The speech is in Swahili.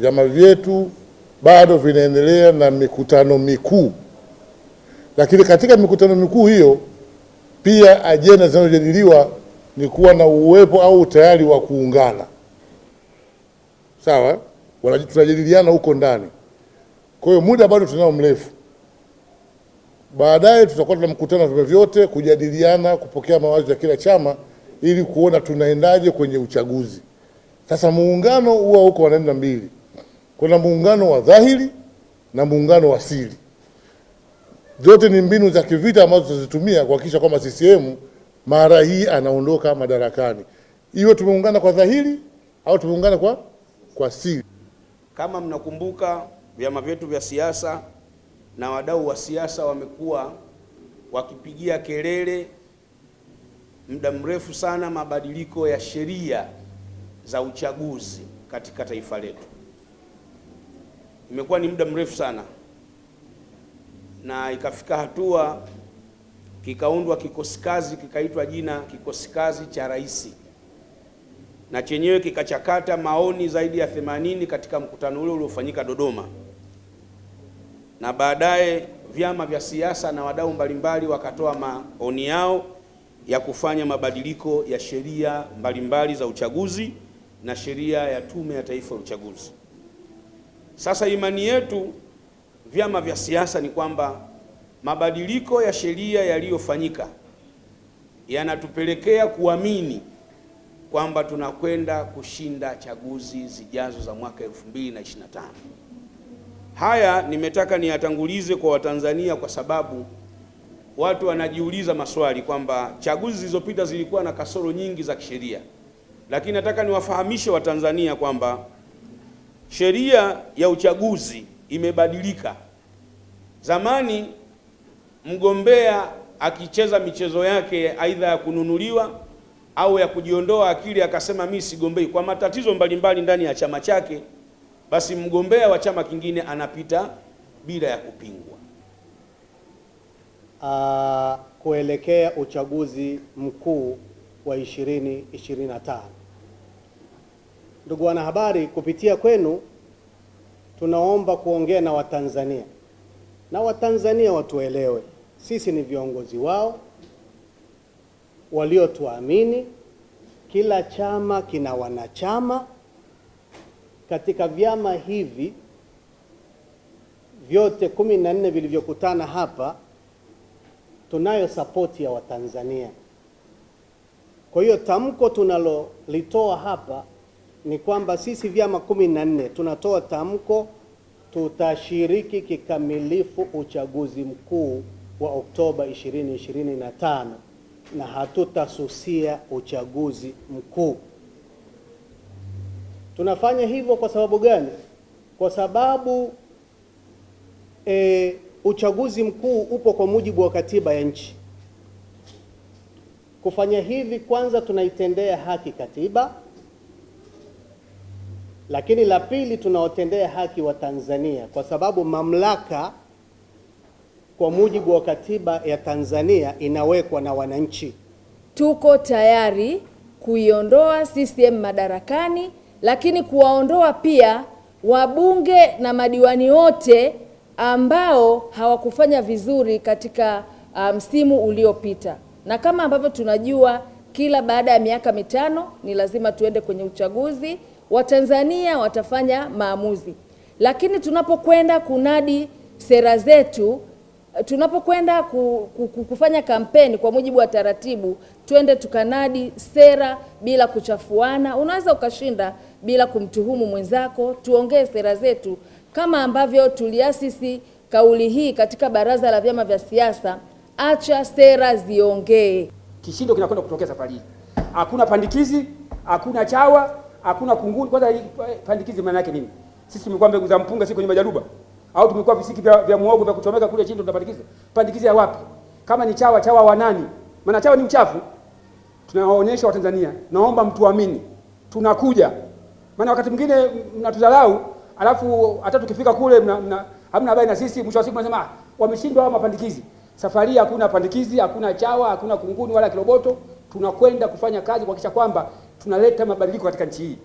vyama vyetu bado vinaendelea na mikutano mikuu, lakini katika mikutano mikuu hiyo pia ajenda zinazojadiliwa ni kuwa na uwepo au utayari wa kuungana. Sawa, tunajadiliana huko ndani. Kwa hiyo muda bado tunao mrefu. Baadaye tutakuwa tuna mkutano vyama vyote kujadiliana, kupokea mawazo ya kila chama ili kuona tunaendaje kwenye uchaguzi. Sasa muungano huwa huko wa namna mbili. Kuna muungano wa dhahiri na muungano wa siri. Zote ni mbinu za kivita ambazo tutazitumia kuhakikisha kwamba CCM mara hii anaondoka madarakani, iwe tumeungana kwa dhahiri au tumeungana kwa, kwa siri. Kama mnakumbuka, vyama vyetu vya siasa na wadau wa siasa wamekuwa wakipigia kelele muda mrefu sana mabadiliko ya sheria za uchaguzi katika taifa letu. Imekuwa ni muda mrefu sana, na ikafika hatua kikaundwa kikosi kazi, kikaitwa jina kikosi kazi cha rais, na chenyewe kikachakata maoni zaidi ya themanini katika mkutano ule uliofanyika Dodoma, na baadaye vyama vya siasa na wadau mbalimbali wakatoa maoni yao ya kufanya mabadiliko ya sheria mbalimbali za uchaguzi na sheria ya Tume ya Taifa ya Uchaguzi. Sasa imani yetu vyama vya siasa ni kwamba mabadiliko ya sheria yaliyofanyika yanatupelekea kuamini kwamba tunakwenda kushinda chaguzi zijazo za mwaka 2025. Haya nimetaka niyatangulize kwa Watanzania kwa sababu watu wanajiuliza maswali kwamba chaguzi zilizopita zilikuwa na kasoro nyingi za kisheria, lakini nataka niwafahamishe Watanzania kwamba Sheria ya uchaguzi imebadilika. Zamani mgombea akicheza michezo yake aidha ya kununuliwa au ya kujiondoa akili, akasema mimi sigombei kwa matatizo mbalimbali ndani ya chama chake, basi mgombea wa chama kingine anapita bila ya kupingwa. Uh, kuelekea uchaguzi mkuu wa 2025 Ndugu wanahabari, kupitia kwenu tunaomba kuongea na Watanzania na Watanzania watuelewe, sisi ni viongozi wao waliotuamini. Kila chama kina wanachama. Katika vyama hivi vyote kumi na nne vilivyokutana hapa, tunayo sapoti ya Watanzania. Kwa hiyo tamko tunalolitoa hapa ni kwamba sisi vyama kumi na nne tunatoa tamko, tutashiriki kikamilifu uchaguzi mkuu wa Oktoba 2025 na hatutasusia uchaguzi mkuu. Tunafanya hivyo kwa sababu gani? Kwa sababu e, uchaguzi mkuu upo kwa mujibu wa katiba ya nchi. Kufanya hivi, kwanza tunaitendea haki katiba lakini la pili, tunawatendea haki wa Tanzania kwa sababu mamlaka kwa mujibu wa katiba ya Tanzania inawekwa na wananchi. Tuko tayari kuiondoa CCM madarakani, lakini kuwaondoa pia wabunge na madiwani wote ambao hawakufanya vizuri katika uh, msimu um, uliopita. Na kama ambavyo tunajua kila baada ya miaka mitano ni lazima tuende kwenye uchaguzi. Watanzania watafanya maamuzi, lakini tunapokwenda kunadi sera zetu, eh, tunapokwenda kufanya kampeni kwa mujibu wa taratibu, twende tukanadi sera bila kuchafuana. Unaweza ukashinda bila kumtuhumu mwenzako. Tuongee sera zetu kama ambavyo tuliasisi kauli hii katika Baraza la Vyama vya Siasa, acha sera ziongee. Kishindo kinakwenda kutokea safari hii, hakuna pandikizi, hakuna chawa hakuna kunguni. Kwanza pandikizi maana yake nini? Sisi tumekuwa mbegu za mpunga sisi kwenye majaruba au tumekuwa visiki vya, vya muogo vya kuchomeka kule chini tunapandikiza. Pandikizi ya wapi? Kama ni chawa chawa wa nani? Maana chawa ni mchafu. Tunawaonyesha Watanzania, naomba mtuamini. Tunakuja. Maana wakati mwingine mnatudharau, alafu hata tukifika kule mna, mna hamna habari na sisi, mwisho wa siku mnasema ah, wameshindwa hao mapandikizi. Safari hakuna pandikizi, hakuna chawa, hakuna kunguni wala kiroboto. Tunakwenda kufanya kazi kuhakikisha kwamba tunaleta mabadiliko katika nchi hii.